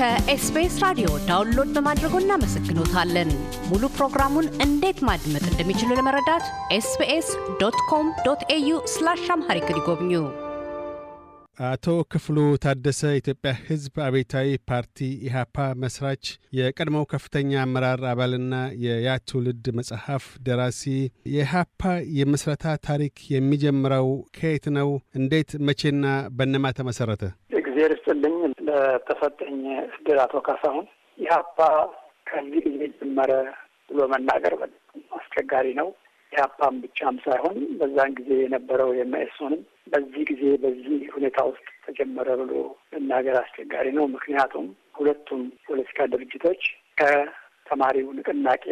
ከኤስቢኤስ ራዲዮ ዳውንሎድ በማድረጎ እናመሰግኖታለን። ሙሉ ፕሮግራሙን እንዴት ማድመጥ እንደሚችሉ ለመረዳት ኤስቢኤስ ዶት ኮም ዶት ኤዩ ስላሽ አምሃሪክ ይጎብኙ። አቶ ክፍሉ ታደሰ የኢትዮጵያ ሕዝብ አብዮታዊ ፓርቲ ኢህአፓ መስራች፣ የቀድሞው ከፍተኛ አመራር አባልና የያ ትውልድ መጽሐፍ ደራሲ። የኢህአፓ የምስረታ ታሪክ የሚጀምረው ከየት ነው? እንዴት፣ መቼና በነማ ተመሰረተ? እግዜር ይስጥልኝ ለተሰጠኝ እድል አቶ ካሳሁን ኢህአፓ ከዚህ ጊዜ ጀመረ ብሎ መናገር አስቸጋሪ ነው። ኢህአፓም ብቻም ሳይሆን በዛን ጊዜ የነበረው የመኢሶንም በዚህ ጊዜ በዚህ ሁኔታ ውስጥ ተጀመረ ብሎ መናገር አስቸጋሪ ነው። ምክንያቱም ሁለቱም ፖለቲካ ድርጅቶች ከተማሪው ንቅናቄ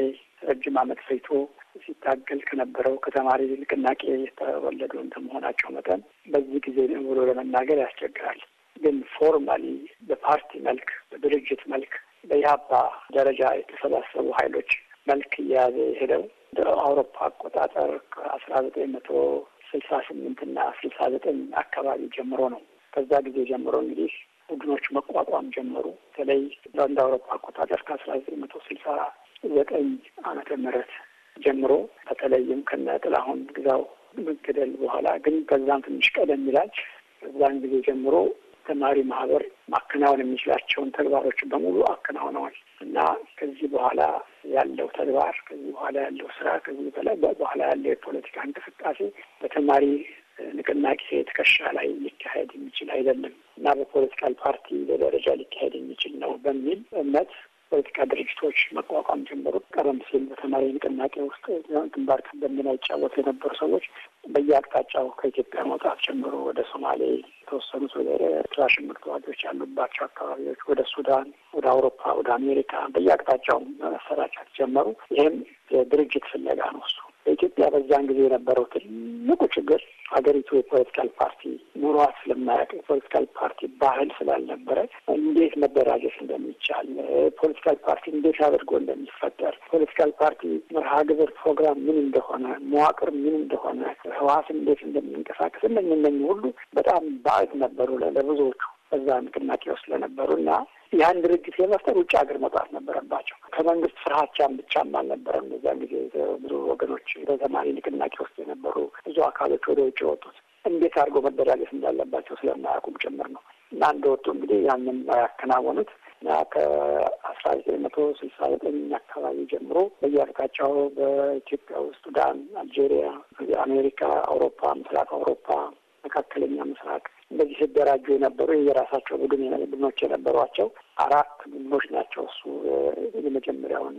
ረጅም ዓመት ፈይቶ ሲታገል ከነበረው ከተማሪ ንቅናቄ የተወለዱ እንደመሆናቸው መጠን በዚህ ጊዜ ብሎ ለመናገር ያስቸግራል። ግን ፎርማሊ በፓርቲ መልክ፣ በድርጅት መልክ፣ በኢህአፓ ደረጃ የተሰባሰቡ ኃይሎች መልክ እየያዘ ሄደው አውሮፓ አቆጣጠር ከአስራ ዘጠኝ መቶ ስልሳ ስምንት ና ስልሳ ዘጠኝ አካባቢ ጀምሮ ነው። ከዛ ጊዜ ጀምሮ እንግዲህ ቡድኖች መቋቋም ጀመሩ። በተለይ እንደ አውሮፓ አቆጣጠር ከአስራ ዘጠኝ መቶ ስልሳ ዘጠኝ አመተ ምህረት ጀምሮ በተለይም ከነ ጥላሁን ግዛው መገደል በኋላ ግን ከዛም ትንሽ ቀደም ይላል። በዛን ጊዜ ጀምሮ አስተማሪ ማህበር ማከናወን የሚችላቸውን ተግባሮች በሙሉ አከናውነዋል እና ከዚህ በኋላ ያለው ተግባር ከዚህ በኋላ ያለው ስራ ከዚህ በኋላ ያለው የፖለቲካ እንቅስቃሴ በተማሪ ንቅናቄ ትከሻ ላይ ሊካሄድ የሚችል አይደለም እና በፖለቲካል ፓርቲ በደረጃ ሊካሄድ የሚችል ነው በሚል እምነት ፖለቲካ ድርጅቶች መቋቋም ጀምሩ ቀደም ሲል በተማሪ ንቅናቄ ውስጥ ግንባር ቀደም ሚና ይጫወቱ የነበሩ ሰዎች በየአቅጣጫው ከኢትዮጵያ መውጣት ጀምሮ ወደ ሶማሌ፣ የተወሰኑት ወደ ኤርትራ ሽምቅ ተዋጊዎች ያሉባቸው አካባቢዎች፣ ወደ ሱዳን፣ ወደ አውሮፓ፣ ወደ አሜሪካ በየአቅጣጫው መሰራጨት ጀመሩ። ይህም የድርጅት ፍለጋ ነው። እሱ በኢትዮጵያ በዛን ጊዜ የነበረው ትልቁ ችግር ሀገሪቱ የፖለቲካል ፓርቲ ኑሯት ስለማያውቅ የፖለቲካል ፓርቲ ባህል ስላልነበረ እንዴት መደራጀት እንደሚቻል ፖለቲካል ፓርቲ እንዴት አድርጎ እንደሚፈጠር ፖለቲካል ፓርቲ መርሃ ግብር፣ ፕሮግራም ምን እንደሆነ፣ መዋቅር ምን እንደሆነ፣ ህዋስ እንዴት እንደሚንቀሳቀስ እነኝ እነኝ ሁሉ በጣም ባዕድ ነበሩ ለብዙዎቹ እዛ ንቅናቄ ውስጥ ለነበሩ እና ያን ድርጅት የመፍጠር ውጭ ሀገር መውጣት ነበረባቸው። ከመንግስት ፍርሃቻም ብቻም አልነበረም። በዛን ጊዜ ብዙ ወገኖች በዘማሪ ንቅናቄ ውስጥ የነበሩ ብዙ አካሎች ወደ ውጭ ወጡት። እንዴት አድርጎ መደራጀት እንዳለባቸው ስለማያውቁም ጭምር ነው እና እንደወጡ እንግዲህ ያንን ያከናወኑት እና ከአስራ ዘጠኝ መቶ ስልሳ ዘጠኝ አካባቢ ጀምሮ በየአፍሪካቸው በኢትዮጵያ ውስጥ ሱዳን፣ አልጄሪያ፣ አሜሪካ፣ አውሮፓ፣ ምስራቅ አውሮፓ፣ መካከለኛ ምስራቅ እንደዚህ ሲደራጁ የነበሩ የራሳቸው ቡድን ቡድኖች የነበሯቸው አራት ቡድኖች ናቸው። እሱ የመጀመሪያውን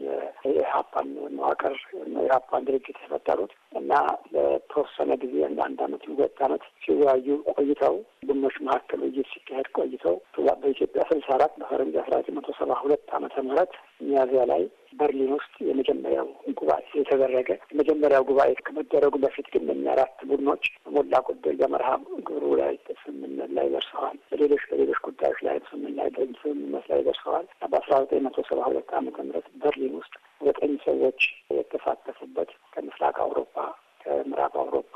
የሀፓን መዋቅር የሀፓን ድርጅት የፈጠሩት እና ለተወሰነ ጊዜ እንደ አንድ አመት ሁለት አመት ሲወያዩ ቆይተው ቡድኖች መካከል ውይይት ሲካሄድ ቆይተው በኢትዮጵያ ስልሳ አራት በፈረንጅ አስራ ዘጠኝ መቶ ሰባ ሁለት አመተ ምህረት ሚያዝያ ላይ በርሊን ውስጥ የመጀመሪያው ጉባኤ የተደረገ የመጀመሪያው ጉባኤ ከመደረጉ በፊት ግን እኛ አራት ቡድኖች ሞላ ጎደል በመርሃ ግብሩ ላይ ስምምነት ላይ ደርሰዋል። በሌሎች በሌሎች ጉዳዮች ላይ ስምምነት ላይ ደርሰዋል። በአስራ ዘጠኝ መቶ ሰባ ሁለት ዓመተ ምህረት በርሊን ውስጥ ዘጠኝ ሰዎች የተሳተፉበት ከምስራቅ አውሮፓ፣ ከምዕራብ አውሮፓ፣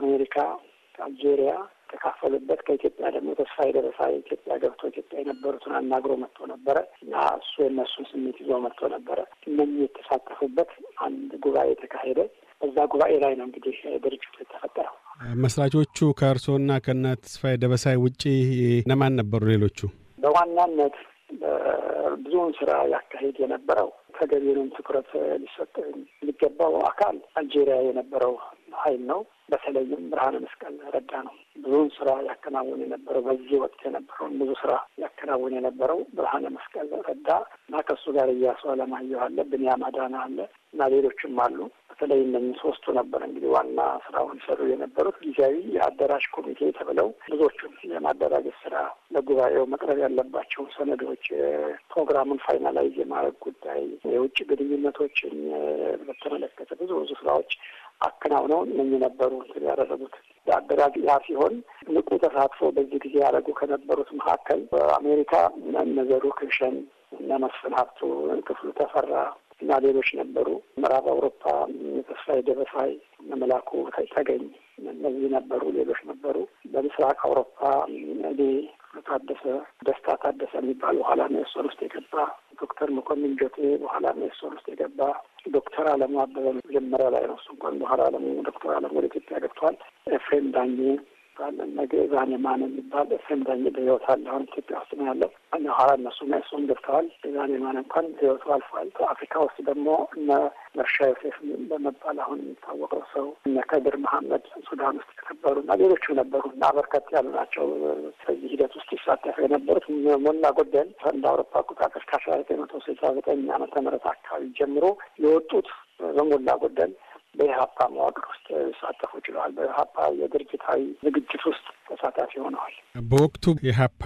አሜሪካ፣ ከአልጄሪያ የተካፈሉበት ከኢትዮጵያ ደግሞ ተስፋ የደረሳ ኢትዮጵያ ገብቶ ኢትዮጵያ የነበሩትን አናግሮ መጥቶ ነበረ እና እሱ የነሱን ስሜት ይዞ መጥቶ ነበረ። እነዚህ የተሳተፉበት አንድ ጉባኤ የተካሄደ በዛ ጉባኤ ላይ ነው እንግዲህ ድርጅቱ የተፈጠረው። መስራቾቹ ከእርሶና ከእነ ተስፋዬ ደበሳይ ውጪ እነማን ነበሩ ሌሎቹ? በዋናነት ብዙውን ስራ ያካሄድ የነበረው ተገቢውንም ትኩረት ሊሰጥ የሚገባው አካል አልጄሪያ የነበረው ኃይል ነው። በተለይም ብርሃነ መስቀል ረዳ ነው ብዙውን ስራ ያከናውን የነበረው በዚህ ወቅት የነበረውን ብዙ ስራ ያከናውን የነበረው ብርሃነ መስቀል ረዳ እና ከሱ ጋር እያሱ አለማየሁ አለ፣ ብንያም አዳና አለ እና ሌሎችም አሉ። በተለይ እነኝህ ሶስቱ ነበር እንግዲህ ዋና ስራውን ሰሩ የነበሩት። ጊዜያዊ የአዳራሽ ኮሚቴ ተብለው ብዙዎቹን የማደራጀት ስራ፣ ለጉባኤው መቅረብ ያለባቸውን ሰነዶች፣ ፕሮግራሙን ፋይናላይዝ የማድረግ ጉዳይ፣ የውጭ ግንኙነቶችን በተመለከተ ብዙ ብዙ ስራዎች አከናውነው እነኚህ ነበሩ ያደረጉት አደራጅ ያ ሲሆን ንቁ ተሳትፎ በዚህ ጊዜ ያደረጉ ከነበሩት መካከል በአሜሪካ እነዘሩ ክሽን እና መስፍን ሀብቱ፣ ክፍሉ ተፈራ እና ሌሎች ነበሩ። ምዕራብ አውሮፓ ተስፋዬ ደበሳይ፣ መላኩ ተገኝ እነዚህ ነበሩ። ሌሎች ነበሩ። በምስራቅ አውሮፓ እኔ ታደሰ ደስታ ታደሰ የሚባል በኋላ ነው የእሱን ውስጥ የገባ ዶክተር መኮንን ጆቴ በኋላ ሜሶን ውስጥ የገባ ዶክተር አለሙ አበበ መጀመሪያ ላይ ነው። እሱ እንኳን በኋላ አለሙ ዶክተር አለሙ ወደ ኢትዮጵያ ገብቷል። ኤፍሬም ዳኜ አለን። ነገ ዛኔ ማን የሚባል እስረኛ በሕይወት አለ። አሁን ኢትዮጵያ ውስጥ ነው ያለው። ኋላ እነሱ እሱን ገብተዋል። ዛኔ ማን እንኳን ሕይወቱ አልፏል። አፍሪካ ውስጥ ደግሞ እነ መርሻ ዮሴፍ በመባል አሁን የሚታወቀው ሰው፣ እነ ከድር መሐመድ ሱዳን ውስጥ የነበሩ እና ሌሎቹ ነበሩ እና በርከት ያሉ ናቸው በዚህ ሂደት ውስጥ ይሳተፉ የነበሩት። ሞላ ጎደል እንደ አውሮፓ አቆጣጠር ከአስራ ዘጠኝ መቶ ስልሳ ዘጠኝ ዓመተ ምህረት አካባቢ ጀምሮ የወጡት በሞላ ጎደል በኢህአፓ መዋቅር ውስጥ ሊሳተፉ ችለዋል። በኢህአፓ የድርጅታዊ ዝግጅት ውስጥ ተሳታፊ ሆነዋል። በወቅቱ ኢህአፓ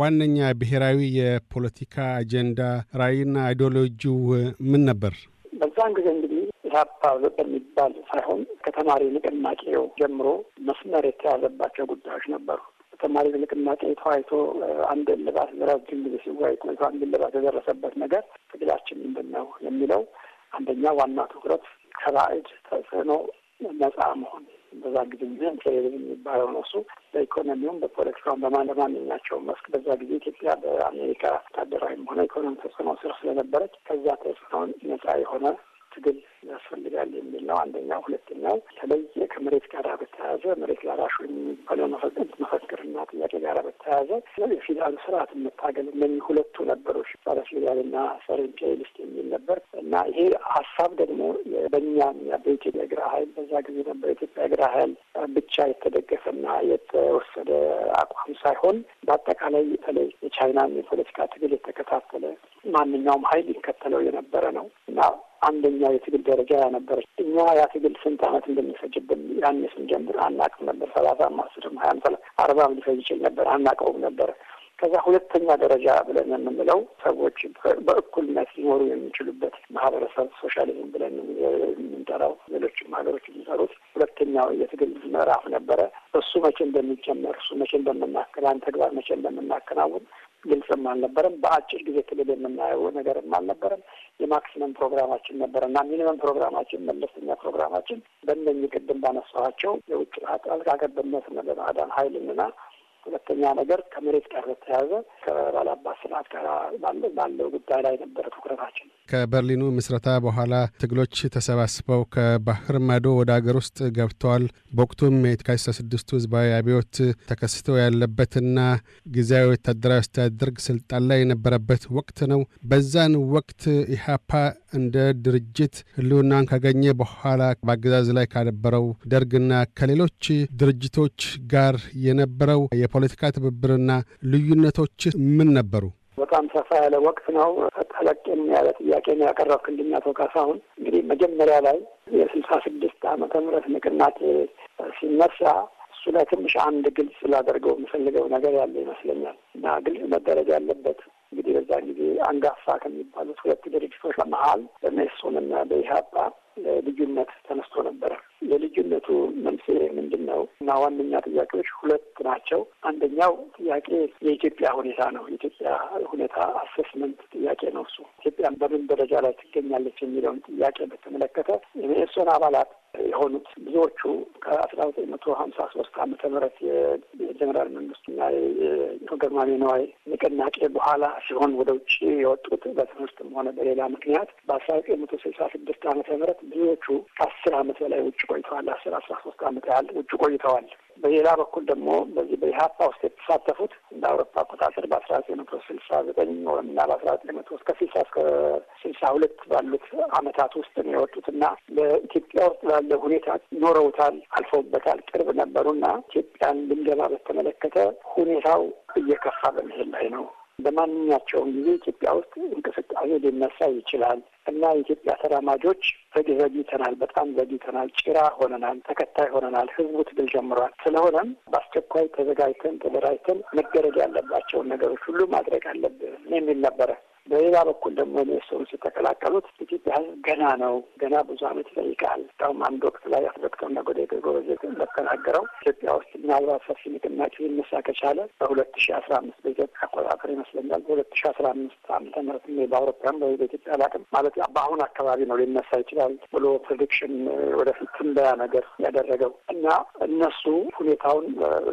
ዋነኛ ብሔራዊ የፖለቲካ አጀንዳ ራዕይና አይዲዮሎጂው ምን ነበር? በዛን ጊዜ እንግዲህ ኢህአፓ በሚባል ሳይሆን ከተማሪ ንቅናቄው ጀምሮ መስመር የተያዘባቸው ጉዳዮች ነበሩ። ተማሪ ንቅናቄ ተዋይቶ አንድ እልባት ለረጅም ጊዜ ሲወያይ ቆይቶ አንድ እልባት የደረሰበት ነገር ትግላችን ምንድን ነው የሚለው አንደኛ ዋና ትኩረት ከባዕድ ተጽዕኖ ነጻ መሆን በዛ ጊዜ ጊዜ ቴሌቪዥን የሚባለው ነው። እሱ በኢኮኖሚውም፣ በፖለቲካውም በማለማንኛቸውም መስክ በዛ ጊዜ ኢትዮጵያ በአሜሪካ ወታደራዊም ሆነ ኢኮኖሚ ተጽዕኖ ስር ስለነበረች ከዛ ተጽዕኖ ነጻ የሆነ ትግል ያስፈልጋል የሚል ነው አንደኛው። ሁለተኛው ተለየ ከመሬት ጋር በተያያዘ መሬት ላራሹ የሚባለው መፈክርና ጥያቄ ጋር በተያያዘ ስለዚህ የፊውዳሉ ስርዓት መታገል እነዚህ ሁለቱ ነበሮች ጸረ ፊውዳልና ጸረ ኢምፔሪያሊስት የሚል ነበር እና ይሄ ሀሳብ ደግሞ በእኛ በኢትዮጵያ እግራ ኃይል በዛ ጊዜ ነበር ኢትዮጵያ እግራ ኃይል ብቻ የተደገፈና የተወሰደ አቋም ሳይሆን በአጠቃላይ በተለይ የቻይናን የፖለቲካ ትግል የተከታተለ ማንኛውም ኃይል ይከተለው የነበረ ነው እና አንደኛ የትግል ደረጃ ያነበረች እኛ ያ ትግል ስንት ዓመት እንደሚፈጅብን ያኔ ስንጀምር አናቅም ነበር። ሰላሳ አስርም ሀያም ሰላ አርባም ሊፈጅ ይችል ነበር፣ አናቀውም ነበር። ከዛ ሁለተኛ ደረጃ ብለን የምንለው ሰዎች በእኩልነት ሊኖሩ የሚችሉበት ማህበረሰብ ሶሻሊዝም ብለን የምንጠራው ሌሎችም ሀገሮች የሚሰሩት ሁለተኛው የትግል ምዕራፍ ነበረ። እሱ መቼ እንደሚጀመር እሱ መቼ እንደምናከናን ተግባር መቼ እንደምናከናውን ግልጽም አልነበረም። በአጭር ጊዜ ክልል የምናየው ነገርም አልነበረም። የማክሲመም ፕሮግራማችን ነበረ እና ሚኒመም ፕሮግራማችን፣ መለስተኛ ፕሮግራማችን በእነኝህ ቅድም ባነሳኋቸው የውጭ ጣልቃ ገብነትና በማዕድን ኃይልና ሁለተኛ ነገር ከመሬት ጋር በተያያዘ ከባላባት ስርዓት ጋር ባለው ጉዳይ ላይ ነበረ ትኩረታችን። ከበርሊኑ ምስረታ በኋላ ትግሎች ተሰባስበው ከባህር ማዶ ወደ አገር ውስጥ ገብተዋል። በወቅቱም የካቲት ስድስቱ ህዝባዊ አብዮት ተከስቶ ያለበትና ጊዜያዊ ወታደራዊ አስተዳደር ስልጣን ላይ የነበረበት ወቅት ነው። በዛን ወቅት ኢህአፓ እንደ ድርጅት ህልውናን ካገኘ በኋላ በአገዛዝ ላይ ካነበረው ደርግና ከሌሎች ድርጅቶች ጋር የነበረው የፖለቲካ ትብብርና ልዩነቶች ምን ነበሩ? በጣም ሰፋ ያለ ወቅት ነው። ጠለቅ ያለ ጥያቄ ነው ያቀረብክልኝ አቶ ካሳሁን። እንግዲህ መጀመሪያ ላይ የስልሳ ስድስት ዓመተ ምህረት ንቅናቄ ሲነሳ እሱ ላይ ትንሽ አንድ ግልጽ ላደርገው የምፈልገው ነገር ያለ ይመስለኛል እና ግልጽ መደረግ ያለበት እንግዲህ በዛ ጊዜ አንጋፋ ከሚባሉት ሁለት ድርጅቶች መሀል በሜሶን እና በኢህአፓ ልዩነት ተነስቶ ነበረ። የልዩነቱ መንስኤ ምንድን ነው? እና ዋነኛ ጥያቄዎች ሁለት ናቸው። አንደኛው ጥያቄ የኢትዮጵያ ሁኔታ ነው። የኢትዮጵያ ሁኔታ አሴስመንት ጥያቄ ነው። እሱ ኢትዮጵያ በምን ደረጃ ላይ ትገኛለች የሚለውን ጥያቄ በተመለከተ የመኢሶን አባላት የሆኑት ብዙዎቹ ከአስራ ዘጠኝ መቶ ሀምሳ ሶስት አመተ ምህረት የጀኔራል መንግስቱና የገርማሜ ነዋይ ንቅናቄ በኋላ ሲሆን ወደ ውጭ የወጡት በትምህርትም ሆነ በሌላ ምክንያት በአስራ ዘጠኝ መቶ ስልሳ ስድስት ዓመተ ምህረት ብዙዎቹ ከአስር ዓመት በላይ ውጭ ውጭ ቆይተዋል። አስር አስራ ሶስት አመት ያህል ውጭ ቆይተዋል። በሌላ በኩል ደግሞ በዚህ በኢህአፓ ውስጥ የተሳተፉት እንደ አውሮፓ አቆጣጠር በአስራ ዘጠኝ መቶ ስልሳ ዘጠኝ እና በአስራ ዘጠኝ መቶ እስከ ስልሳ እስከ ስልሳ ሁለት ባሉት አመታት ውስጥ ነው የወጡት የወጡትና በኢትዮጵያ ውስጥ ላለ ሁኔታ ኖረውታል፣ አልፈውበታል። ቅርብ ነበሩና ኢትዮጵያን ልንገባ በተመለከተ ሁኔታው እየከፋ በመሄድ ላይ ነው። በማንኛቸውም ጊዜ ኢትዮጵያ ውስጥ እንቅስቃሴ ሊነሳ ይችላል እና የኢትዮጵያ ተራማጆች ዘግ ዘግይተናል፣ በጣም ዘግይተናል፣ ጭራ ሆነናል፣ ተከታይ ሆነናል። ህዝቡ ትግል ጀምሯል። ስለሆነም በአስቸኳይ ተዘጋጅተን ተደራጅተን መደረግ ያለባቸውን ነገሮች ሁሉ ማድረግ አለብን የሚል ነበረ። በሌላ በኩል ደግሞ ሌሎች ሰዎች የተቀላቀሉት ኢትዮጵያ ሕዝብ ገና ነው፣ ገና ብዙ ዓመት ይጠይቃል። እስካሁም አንድ ወቅት ላይ ዶክተር ነገ ጎበዜ እንደተናገረው ኢትዮጵያ ውስጥ ምናልባት ሰፊ ንቅናቄ ይነሳ ከቻለ በሁለት ሺ አስራ አምስት በኢትዮጵያ አቆጣጠር ይመስለኛል በሁለት ሺ አስራ አምስት ዓመተ ምህረት ወይ በኢትዮጵያ አላውቅም ማለት በአሁን አካባቢ ነው ሊነሳ ይችላል ብሎ ፕሬዲክሽን ወደፊት ትንበያ ነገር ያደረገው እና እነሱ ሁኔታውን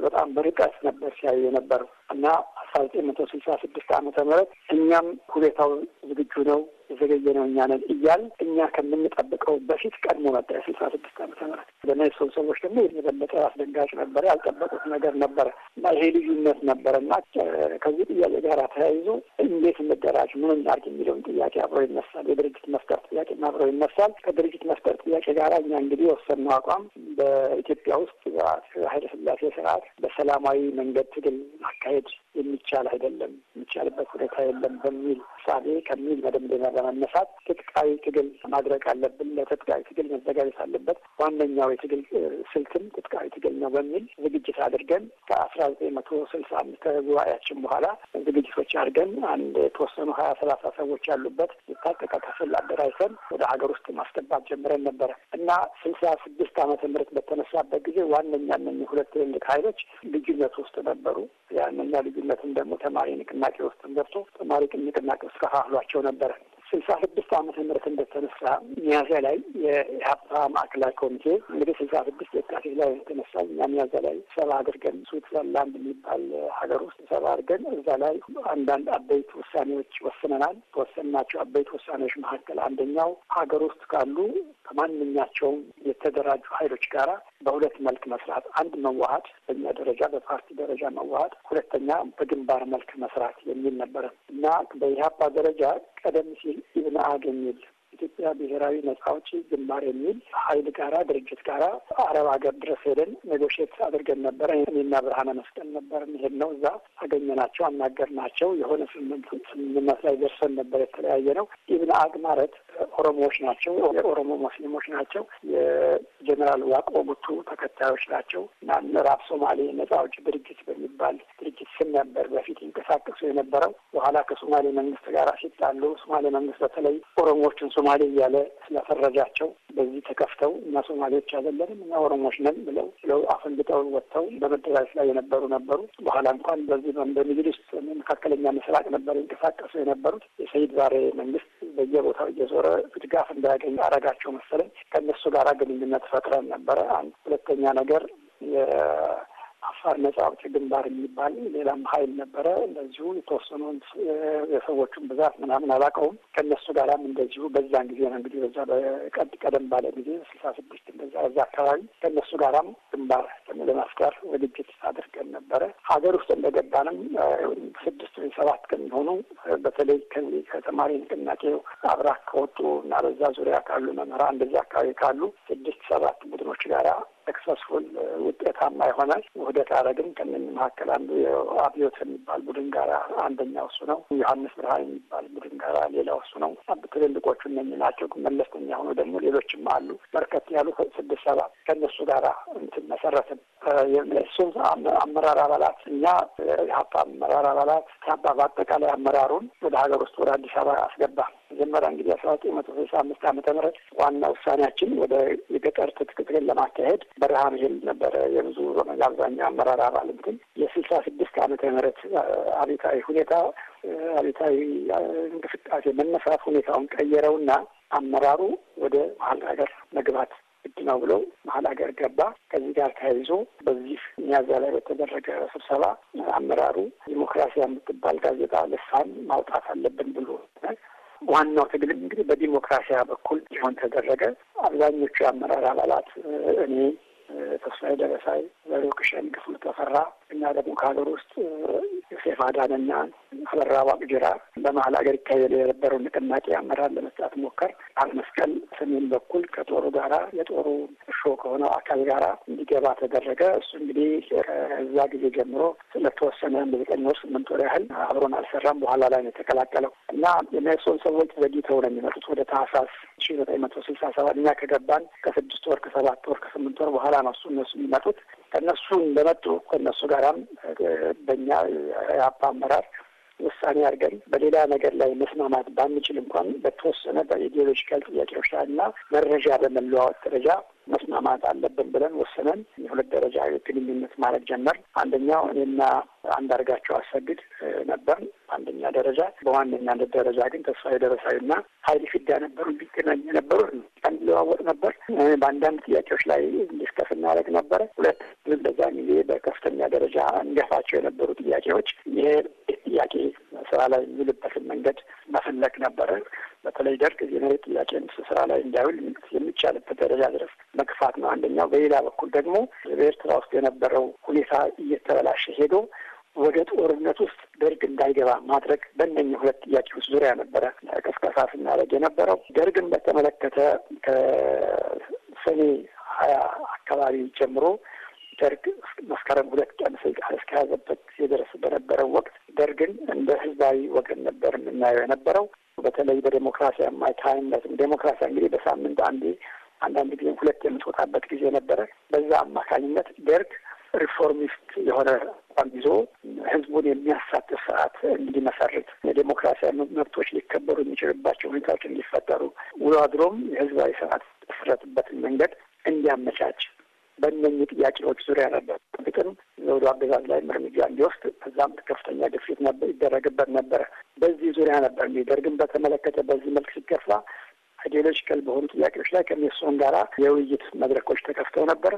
በጣም በርቀት ነበር ሲያዩ የነበረው እና አስራ ዘጠኝ መቶ ስልሳ ስድስት ዓመተ ምህረት እኛም ሁኔታው ዝግጁ ነው የዘገየ ነው እኛ ነን እያል እኛ ከምንጠብቀው በፊት ቀድሞ መጣ። የስልሳ ስድስት ዓመተ ምህረት በነሱ ሰዎች ደግሞ የበለጠ አስደንጋጭ ነበረ። ያልጠበቁት ነገር ነበረ እና ይሄ ልዩነት ነበረ እና ከዚህ ጥያቄ ጋር ተያይዞ እንዴት እንደራጅ ምን እናድርግ የሚለውን ጥያቄ አብሮ ይነሳል። የድርጅት መፍጠር ጥያቄ አብሮ ይነሳል። ከድርጅት መፍጠር ጥያቄ ጋር እኛ እንግዲህ የወሰንነው አቋም በኢትዮጵያ ውስጥ ኃይለ ስላሴ ስርዓት በሰላማዊ መንገድ ትግል ማካሄድ የሚቻል አይደለም፣ የሚቻልበት ሁኔታ የለም በሚል ሳቤ ከሚል መደምደሚያ በመነሳት ትጥቃዊ ትግል ማድረግ አለብን። ለትጥቃዊ ትግል መዘጋጀት አለበት። ዋነኛው የትግል ስልትም ትጥቃዊ ትግል ነው በሚል ዝግጅት አድርገን ከአስራ ዘጠኝ መቶ ስልሳ አምስት ከጉባኤያችን በኋላ ዝግጅቶች አድርገን አንድ የተወሰኑ ሀያ ሰላሳ ሰዎች ያሉበት የታጠቀ ክፍል አደራጅተን ወደ ሀገር ውስጥ ማስገባት ጀምረን ነበረ እና ስልሳ ስድስት ዓመተ ምህረት በተነሳበት ጊዜ ዋነኛ እነኝህ ሁለት ትልልቅ ኃይሎች ልዩነት ውስጥ ነበሩ። ያንኛ ልዩነትም ደግሞ ተማሪ ንቅናቄ ውስጥ ገብቶ ተማሪ ንቅናቄ ውስጥ ከፋፍሏቸው ነበረ። ስልሳ ስድስት ዓመተ ምህረት እንደተነሳ ሚያዝያ ላይ የኢህአፓ ማዕከላዊ ኮሚቴ እንግዲህ ስልሳ ስድስት የካቲት ላይ የተነሳ እኛ ሚያዝያ ላይ ሰባ አድርገን ስዊትዘርላንድ የሚባል ሀገር ውስጥ ሰባ አድርገን እዛ ላይ አንዳንድ አበይት ውሳኔዎች ወስነናል። ከወሰንናቸው አበይት ውሳኔዎች መካከል አንደኛው ሀገር ውስጥ ካሉ ከማንኛቸውም የተደራጁ ሀይሎች ጋራ በሁለት መልክ መስራት፣ አንድ መዋሀድ፣ በእኛ ደረጃ በፓርቲ ደረጃ መዋሀድ፣ ሁለተኛ በግንባር መልክ መስራት የሚል ነበረ እና በኢህአፓ ደረጃ ቀደም ሲል ኢብን አግ የሚል ኢትዮጵያ ብሔራዊ ነጻ አውጪ ግንባር የሚል ሀይል ጋራ ድርጅት ጋራ አረብ ሀገር ድረስ ሄደን ኔጎሽት አድርገን ነበረ። እኔና ብርሃነ መስቀል ነበር ሄድ ነው። እዛ አገኘናቸው፣ አናገርናቸው። የሆነ ስምምነት ላይ ደርሰን ነበር የተለያየ ነው። ኢብን አግ ማለት ኦሮሞዎች ናቸው። የኦሮሞ ሙስሊሞች ናቸው። የጀኔራል ዋቆ ጉቱ ተከታዮች ናቸው እና ምዕራብ ሶማሌ ነጻ አውጪ ድርጅት በሚባል ድርጅት ስም ነበር በፊት ይንቀሳቀሱ የነበረው። በኋላ ከሶማሌ መንግስት ጋር ሲጣሉ ሶማሌ መንግስት በተለይ ኦሮሞዎችን ሶማሌ እያለ ስለፈረጃቸው በዚህ ተከፍተው እና ሶማሌዎች አይደለንም እና ኦሮሞዎች ነን ብለው ብለው አፈንግጠው ወጥተው በመደራጀት ላይ የነበሩ ነበሩ። በኋላ እንኳን በዚህ በሚድል ውስጥ መካከለኛ ምስራቅ ነበር ይንቀሳቀሱ የነበሩት። የሰይድ ባሬ መንግስት በየቦታው እየዞረ ድጋፍ እንዳያገኙ አረጋቸው መሰለኝ። ከእነሱ ጋር ግንኙነት ፈጥረን ነበረ። አንድ ሁለተኛ ነገር ነጻ አውጪ ግንባር የሚባል ሌላም ሀይል ነበረ። እንደዚሁ የተወሰኑን የሰዎቹን ብዛት ምናምን አላውቀውም። ከእነሱ ጋራም እንደዚሁ በዛን ጊዜ ነው እንግዲህ በዛ በቀድ ቀደም ባለ ጊዜ ስልሳ ስድስት እንደዛ በዛ አካባቢ ከእነሱ ጋራም ግንባር ለመፍጠር ዝግጅት አድርገን ነበረ። ሀገር ውስጥ እንደገባንም ስድስት ወይ ሰባት ቀን ከሚሆኑ በተለይ ከዚህ ከተማሪ ንቅናቄው አብራክ ከወጡ እና በዛ ዙሪያ ካሉ መምህራን እንደዛ አካባቢ ካሉ ስድስት ሰባት ቡድኖች ጋራ ሰክሰስፉል ውጤታማ ይሆናል። ውህደት አረግም ከምን መካከል አንዱ አብዮት የሚባል ቡድን ጋራ አንደኛው እሱ ነው። ዮሐንስ ብርሃን የሚባል ቡድን ጋራ ሌላው እሱ ነው። ትልልቆቹ እነኝህ ናቸው። መለስተኛ ሆኖ ደግሞ ሌሎችም አሉ። በርከት ያሉ ስድስት ሰባ ከእነሱ ጋር እንትን መሰረትም እሱ አመራር አባላት እኛ የሀፓ አመራር አባላት ሀፓ በአጠቃላይ አመራሩን ወደ ሀገር ውስጥ ወደ አዲስ አበባ አስገባ መጀመሪያ እንግዲህ አስራ ዘጠኝ መቶ ስልሳ አምስት ዓመተ ምህረት ዋና ውሳኔያችን ወደ የገጠር ትጥቅ ትግል ለማካሄድ በረሃ መሄድ ነበረ። የብዙ ዞን አብዛኛው አመራር አባል ግን የስልሳ ስድስት ዓመተ ምህረት አቤታዊ ሁኔታ አቤታዊ እንቅስቃሴ መነሳት ሁኔታውን ቀየረውና አመራሩ ወደ መሀል ሀገር መግባት ግድ ነው ብሎ መሀል ሀገር ገባ። ከዚህ ጋር ተያይዞ በዚህ ሚያዝያ ላይ በተደረገ ስብሰባ አመራሩ ዲሞክራሲያ የምትባል ጋዜጣ ልሳን ማውጣት አለብን ብሎ ዋናው ትግልም እንግዲህ በዲሞክራሲያ በኩል ሊሆን ተደረገ። አብዛኞቹ የአመራር አባላት እኔ ተስፋዬ ደረሳይ፣ ዘሪው ክሸን፣ ክፍሉ ተፈራ እና ደግሞ ከሀገር ውስጥ ዮሴፍ አዳንና አበራ ዋቅጅራ በመሀል ሀገር ይካሄድ የነበረው ንቅናቄ አመራር ለመስጠት ሞከር አልመስቀል ሰሜን በኩል ከጦሩ ጋራ የጦሩ እሾ ከሆነው አካል ጋራ እንዲገባ ተደረገ። እሱ እንግዲህ ከዛ ጊዜ ጀምሮ ስለተወሰነ እንደ ወር ስምንት ወር ያህል አብሮን አልሰራም። በኋላ ላይ ነው የተቀላቀለው እና የሜርሶን ሰዎች ዘግይተው ነው የሚመጡት። ወደ ታህሳስ ሺ ዘጠኝ መቶ ስልሳ ሰባት እኛ ከገባን ከስድስት ወር ከሰባት ወር ከስምንት ወር በኋላ ነው እሱ እነሱ የሚመጡት። ከእነሱ እንደመጡ ከእነሱ ጋራም በእኛ የአባ አመራር ውሳኔ አድርገን በሌላ ነገር ላይ መስማማት ባንችል እንኳን በተወሰነ በኢዲዮሎጂካል ጥያቄዎች ላይ እና መረጃ በመለዋወጥ ደረጃ መስማማት አለብን ብለን ወሰነን። የሁለት ደረጃ ግንኙነት ማድረግ ጀመር። አንደኛው እኔና አንዳርጋቸው አሰግድ ነበር አንደኛ ደረጃ። በዋነኛነት ደረጃ ግን ተስፋዬ ደረሳዊና ሀይል ፊዳ ነበሩ ቢገናኝ ነበሩ። እንለዋወጥ ነበር። በአንዳንድ ጥያቄዎች ላይ እንዲስከፍ እናደርግ ነበረ። ሁለት በዛ ጊዜ በከፍተኛ ደረጃ እንገፋቸው የነበሩ ጥያቄዎች ይሄ ጥያቄ ስራ ላይ የሚውልበትን መንገድ መፈለግ ነበረ። በተለይ ደርግ የመሬት ጥያቄን ስራ ላይ እንዳይውል የሚቻልበት ደረጃ ድረስ መግፋት ነው አንደኛው። በሌላ በኩል ደግሞ በኤርትራ ውስጥ የነበረው ሁኔታ እየተበላሸ ሄዶ ወደ ጦርነት ውስጥ ደርግ እንዳይገባ ማድረግ በእነኝህ ሁለት ጥያቄዎች ዙሪያ ነበረ ቅስቀሳ ስናደርግ የነበረው። ደርግን በተመለከተ ከሰኔ ሀያ አካባቢ ጀምሮ ደርግ መስከረም ሁለት ቀን ስልጣን እስከያዘበት ጊዜ ድረስ በነበረው ወቅት ነበር፣ ግን እንደ ህዝባዊ ወገን ነበር የምናየው የነበረው። በተለይ በዴሞክራሲ አማካኝነት ዴሞክራሲ እንግዲህ በሳምንት አንዴ አንዳንድ ጊዜ ሁለት የምትወጣበት ጊዜ ነበረ። በዛ አማካኝነት ደርግ ሪፎርሚስት የሆነ አቋም ይዞ ህዝቡን የሚያሳትፍ ስርዓት እንዲመሰርት የዴሞክራሲያዊ መብቶች ሊከበሩ የሚችልባቸው ሁኔታዎች እንዲፈጠሩ ውሎ አድሮም የህዝባዊ ስርዓት መሰረትበትን መንገድ እንዲያመቻች በእነኚህ ጥያቄዎች ዙሪያ ነበር ጥብቅን ዘውዱ አገዛዝ ላይ እርምጃ እንዲወስድ ከዛም ከፍተኛ ግፊት ነበር ይደረግበት ነበረ። በዚህ ዙሪያ ነበር እንግዲህ ደርግን በተመለከተ በዚህ መልክ ሲገፋ አይዲዮሎጂካል በሆኑ ጥያቄዎች ላይ ከሚሶን ጋራ የውይይት መድረኮች ተከፍተው ነበር።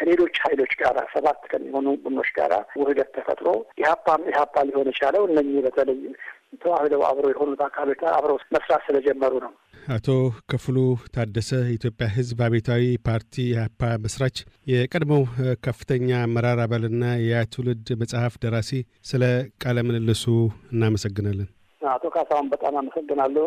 ከሌሎች ኃይሎች ጋር ሰባት ከሚሆኑ ቡድኖች ጋር ውህደት ተፈጥሮ ኢህአፓም ኢህአፓ ሊሆን የቻለው እነኚህ በተለይ ተዋህደው አብሮ የሆኑት አካሎች አብረው መስራት ስለጀመሩ ነው። አቶ ክፍሉ ታደሰ የኢትዮጵያ ሕዝብ አብዮታዊ ፓርቲ ኢህአፓ መስራች፣ የቀድሞው ከፍተኛ አመራር አባልና ትውልድ መጽሐፍ ደራሲ፣ ስለ ቃለ ምልልሱ እናመሰግናለን። አቶ ካሳሁን በጣም አመሰግናለሁ።